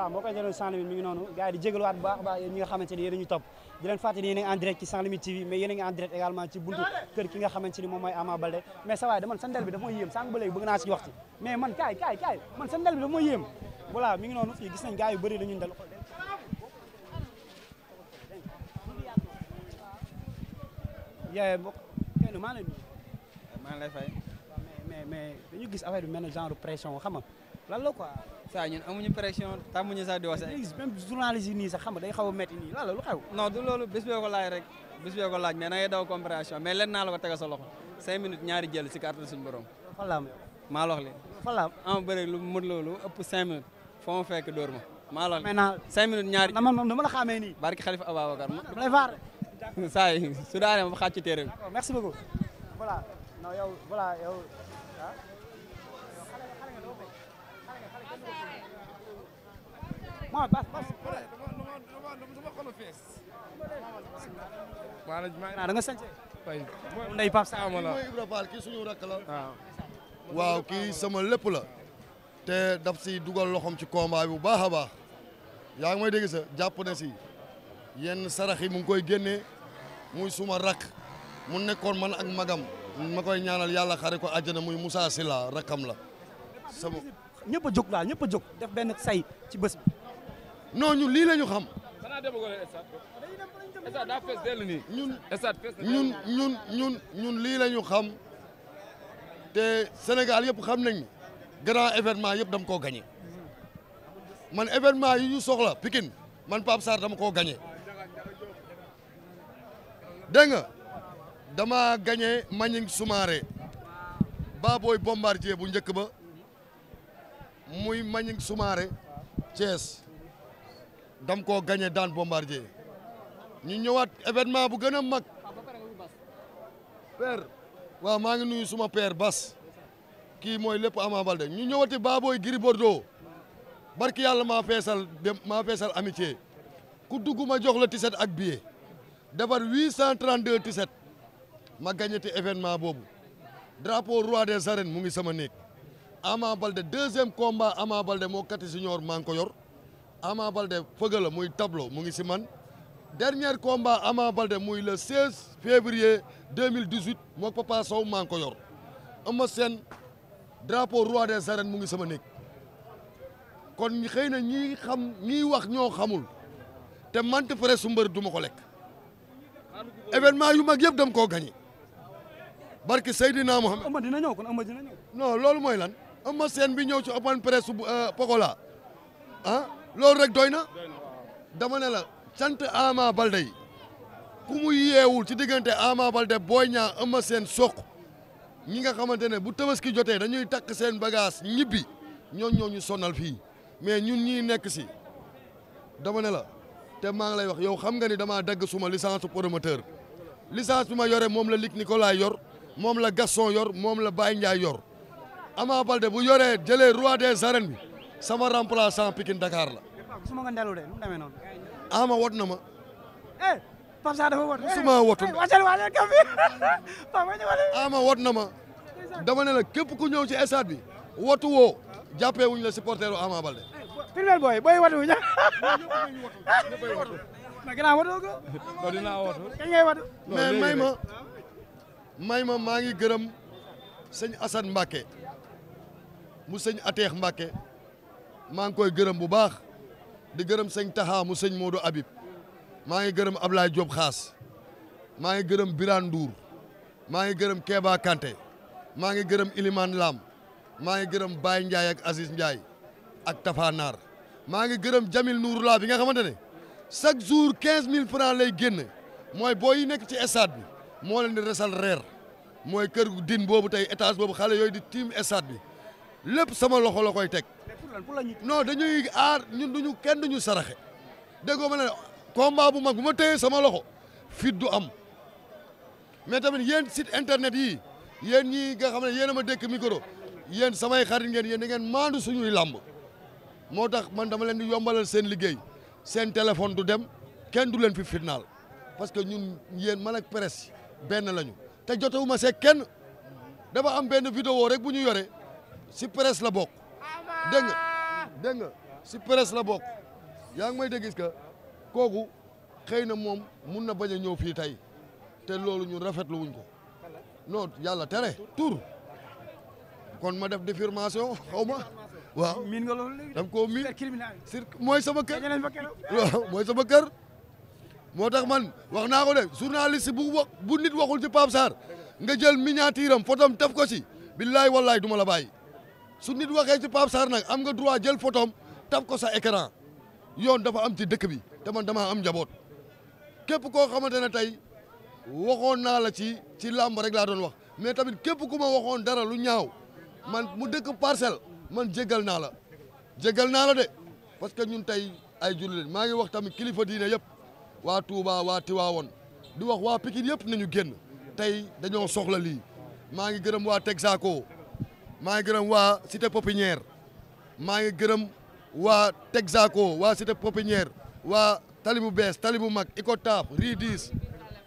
voilà moo koy jëloon sans limite mi ngi noonu di jégaluwaat bu baax a baax yéen ñi nga xamante ni yéen a ñu topp di leen fàttali yéen a ngi en TV mais yéen a ngi en direct également ci buntu kër ki nga xamante ni moom mooy Ama Baldé mais da man sa dafa ma yéem sànq ba léegi bi gis nañ gars yu bëri ñu ndel yee mbokk kenn maa ngi lay nuyu maa mais mais dañu gis affaire bi mel ne genre pression xam nga la quoi saa ñun amuñu pression tàmmuñu sax di wax sax. même journaliste yi nii sax xam nga day xaw a métti nii lala lu xew. non du loolu bés bee ko laaj rek bés bee ko laaj mais na ngay daw compréhension mais len naa la ko tega sa loxo cinq minutes ñaari jël si kàttan suñu borom. fan laa am yow. maa lox leen. fan laa am am bëri lu mën loolu ëpp cinq minutes foo ma fekk dóor ma. maa lox leen maintenant cinq minutes ñaari. na man man dama la xaamee nii. barki Khalifa Ababacar. dama lay faar. saa yi su daanee ma xàcc téere bi. merci beaucoup. voilà non yow voilà yow ah. maanaam da nga sant. waaye Ndeye Pape rakk la. Ah. waaw kii sama lépp la. te daf si dugal loxoom ci combat bu baax a baax. yaa ngi may dégg sa jàpp na si yenn saraxi yi mu ngi koy génnee muy suma rakk mu nekkoon man ak magam ma koy ñaanal yàlla xare ko àjjana muy Moussa Silla rakkam la. sama ñëpp jóg laa ñëpp a jóg def benn say ci bés bi. noonu ñun lii la ñu xam. ñun ñun ñun ñun ñun lii la xam te Sénégal yëpp xam nañ grand événement yëpp dam koo gagné man événement yi ñu soxla Pikine man Pape Sarr dama koo gagné dégg nga dama gagné Maniang Soumaré Baboy Bombardier bu njëkk ba muy Maniang Soumaré Thiès. dam ko gagné daan bombardier ñu ñëwaat événement bu gën a mag père waaw maa ngi nuyu suma père Bas kii mooy lépp Ama Baldé ñu ñëwati Baboy Gris Bordeaux barki yàlla maa feesal dem maa feesal amitié ku dugg ma jox la tiset ak billet defar 832 tiset ma gagné ti événement boobu drapeau roi des arènes mu ngi sama néeg Ama Baldé deuxième combat Ama Baldé moo kati junior maa ngi ko yor Ama balde fëgg la muy tableau mu ngi si man dernier combat Ama Baldé muy le 16 février 2018 moo Papa Sow maa ngi ko yor Eumeu Sène drapeau roi des arènes mu ngi sama néeg kon xëy na ñi xam ñiy wax ñoo xamul te mante frais su mbër du ma ko lekk événement yu mag yëpp dem koo gagné barki Seydina Mohamed. Eumeu dina ñëw kon Eumeu dina ñëw. non loolu mooy lan Eumeu seen bi ñëw ci open presse bu euh, Pokola ah? loolu rek doy na dama ne la sant Ama Baldé yi ku mu yeewul ci diggante Ama Baldé Boy Niang Eumeu seen soq ñi nga xamante ne bu ki jotee dañuy takk seen bagage ñibbi ñoo ñoo ñu sonal fii mais ñun ñii nekk si dama ne la te maa ngi lay wax yow xam nga ni damaa dagg suma licence promoteur licence bi ma yore moom la Luc Nicolaï yor moom la Gaston yor moom la Baye Ndiaye yor Ama Baldé bu yoree jëlee roi de arènes bi sama remplaçant Pikine Dakar la. suma nga ndelu de nu mu demee noonu. Ama ah, wot na ma. eh Pape Sarr eh, ah, wot. na ma dama képp ku ñëw ci stade bi wotu woo jàppee wuñ la si Ama Balde. Eh, pirmel booy booy watu may ma may maa ngi gërëm sëñ Assane mbake mu sëñ Ateex Mbacke. maa ngi koy gërëm bu baax di gërëm sëñ Taxa mu sëñ Modou Habib maa ngi gërëm Ablaye Diop Xaas maa ngi gërëm Birane Ndour maa ngi gërëm Keba Kanté maa ngi gërëm Ilimane Lam maa ngi gërëm Baye Ndiaye ak Aziz Ndiaye ak Tafa maa ngi gërëm Jamil Nour laa bi nga xamante ne chaque jour 15000 francs lay génn mooy boo yi nekk ci stade bi moo leen di resal reer mooy kër din boobu tey étage boobu xale yooyu di tiim stade bi lépp sama loxo la koy teg. non dañuy aar ñun duñu kenn duñu saraxe déggoo ma ne combat bu mag bu ma téye sama loxo fit du am mais tamit yéen site internet yi yéen ñi nga xam ne yéen a ma dékk micro yéen samay xarit ngeen yéen da ngeen maandu suñuy làmb moo tax man dama leen di yombalal seen liggéey seen téléphone du dem kenn du leen fi fitnaal parce que ñun yéen man ak presse benn lañu te jotewuma see kenn dafa am benn vidéo rek bu ñu yore si presse la bokk dégg nga dégg nga si presse la bokk yaa ngi may dégg gis ka kooku xëy na moom mun na bañ a ñëw fii tey te loolu ñun rafetlu wuñ ko non yàlla tere tur kon ma def déformation xaw ma waaw miin mi loolu sur mooy sama kër waaw mooy sama kër moo tax man wax naa ko de si bu bu nit waxul ci Pape Sarr nga jël miniature am photom taf ko ci billaay wallaay duma la bàyyi su nit waxee ci Pape Sarr nag am nga droit jël photom taf ko sa écran yoon dafa am ci dëkk bi te man damaa am njaboot képp ko xamante ne tey waxoon naa la ci ci làmb rek laa doon wax mais tamit képp ku ma waxoon dara lu ñaaw man mu dëkk parcelle man jéggal naa la jéggal naa la de parce que ñun tey ay jullit maa ngi wax tamit kilifa diine yëpp waa Touba waa Tiwaawoon di wax waa Pikine yëpp nañu génn tey dañoo soxla lii maa ngi gërëm waa Texaco maa ngi gërëm waa cité Pépinière maa ngi gërëm waa Texaco waa cité Pépinière waa tali bu bees tali bu mag Icotaf Rue 10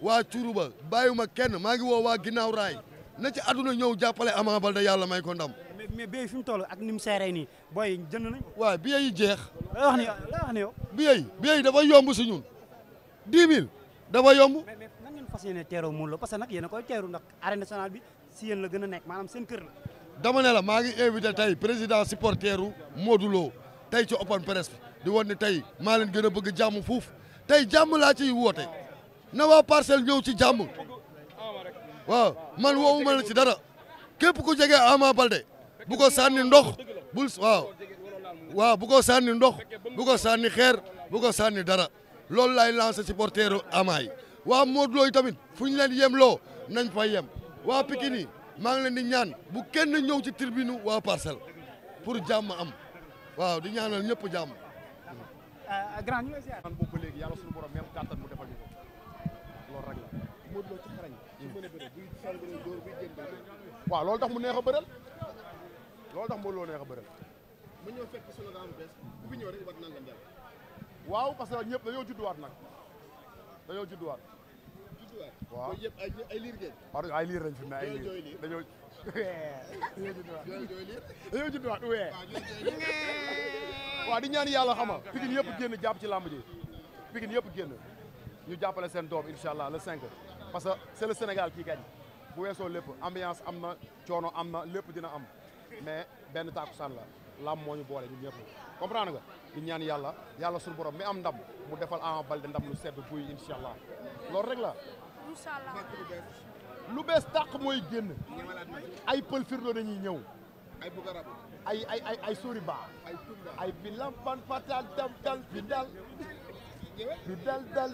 waa Curuba bàyyiwuma kenn maa ngi woo waa ginnaaw raay na ci àdduna ñëw jàppale Ama Baldé yàlla may ko ndam. mais mais billet yi fi mu toll ak ni mu seeree nii booy yi jënd nañ. waaw billet yi jeex. la wax ni la wax ni yow. dafa yomb si ñun 10 000 dafa yomb. mais mais nan koy teeru ndax arène nationale bi si yéen la gën a nekk maanaam seen kër la. dama ne la maa ngi invité tey président supporteru Modou Lo tey ci open press di wan ne tey maa leen gën a bëgg jàmm fuuf tey jàmm laa ciy woote na waa parcelle ñëw ci jàmm waaw man woowuma la ci dara képp ku jege Ama Baldé bu ko sànni ndox bul waaw bu ko sànni ndox bu ko sànni xeer bu ko sànni dara loolu laay lancé supporteru Ama yi waa Modou tamit fu ñu leen yem loo nañ fa yem waa Pikine maa ngi leen di ñaan bu kenn ñëw ci tribune waa parcelle pour jàmm am waaw di ñaanal ñëpp jàmm. Euh, grand ñu léegi yàlla suñu borom même mu defal waaw loolu dax mu neex a bëreel loolu tax Modou Lo neex a bëreel. mu ñëw fekk solo nga am bees bu fi waaw parce que ñëpp dañoo judduwaat nag dañoo judduwaat. waaw yëpp ay liir ngeen. ay liir lañ fi ne ay liir dañoo. di ñaan yàlla xama Pikine yëpp génn jàpp ci làmb ji Pikine yëpp génn ñu jàppale seen doom incha allah le cinq parce que c'est le Sénégal qui gagne bu weesoo lépp ambiance am na coono am na lépp dina am mais benn taaku tàkkusaan la lam moo ñu boole ñu ñëpp comprendre nga di ñaan yàlla yàlla suñu borom mi am ndam mu defal Ama Baldé ndam lu sedd buy incha allah loolu rek lu bees tàq mooy génn ay pël firndo dañuy ñëw ay ay baa ay bi lampan fatal dam dal bi dal dal dal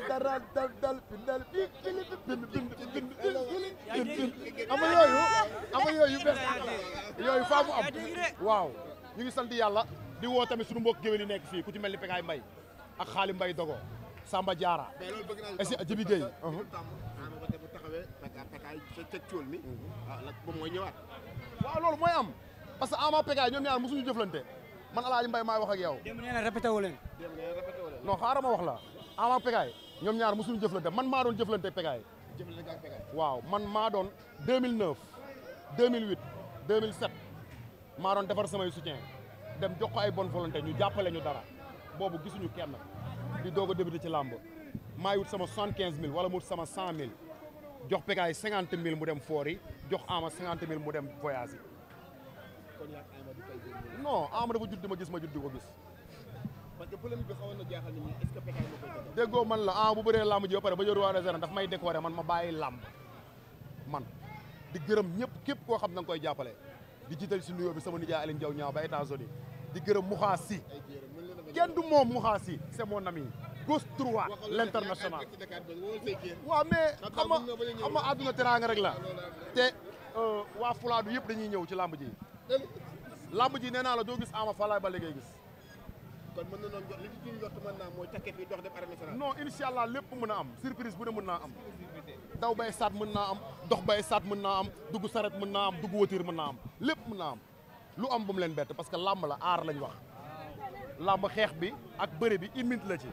dal bi dal bi bili bi bind bind bind bind bind ama yooyu ama yooyu bees yooyu faa am waaw ñu ngi sant yàlla di woo tamit suñu mbokk géwél nekk fii ku ci mel ni Pekaay Mbay ak Xaali Mbay Dogo Samba Diarra et si Jibi Gueye defee Peka Pekaay ca ca cool mi. Mhm. ah nag moom waaw loolu mooy am parce que Ama Pekaay ñoom ñaar mosuñu jëflante man El Hadj Mbaye maay wax ak yow. démb nee na wu leen. démb nee na ma wax la Ama Pekaay ñoom ñaar mosuñu jëflante man maa doon jëflante Pekaay. jëflante ak Pekaay. waaw man maa doon 2009 2008 2007 maa doon defar samay soutien dem jox ko ay bonne volonté ñu jàppale ñu dara boobu gisuñu kenn di doog a débuté ci làmb maa wut sama soixante quinze mille wala mu sama cent mille jox Becaye cinquante mille mu dem foor jox Ama cinquante mille mu dem voyage yi. kon yaa Amadou dafa judd ma gis ma judd ko gis. parce que xawoon na jaaxal nit déggoo man la Ama bu bëree làmb ji ba pare ba jël roi des arènes may décorer man ma bàyyi làmb man di gërëm ñëpp képp koo xam na nga koy jàppale. di jiital si nuyoo bi sama nijaay Alioune Diaw ñaaw ba États-Unis di gërëm Mouha Sy kenn du moom Mouha Sy c'est mon ami. gauche droit l'international. waaw mais xam nga xam nga àdduna teraanga rek la te euh, waa Fulaadu yëpp dañuy ñëw ci làmb ji. làmb ji nee naa la doo gis Ama Falaay ba léegi gis. kon mën na doon li ci jot mën naa dox def arène nationale. non incha allah lépp mën a am surprise bu ne mën naa am. daw bay saat mën naa am dox bay saat mën naa am dugg saret mën naa am dugg wotir mën naa am lépp mën a am lu am bu mu leen bett parce que làmb la aar lañ wax làmb xeex bi ak bëre bi imite la ci.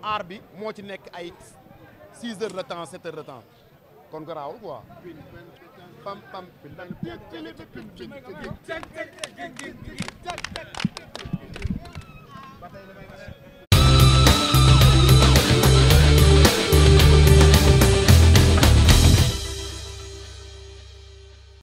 aar bi moo ci nekk ay 6 heures de temps 7 heures de temps kon garaawul quoi.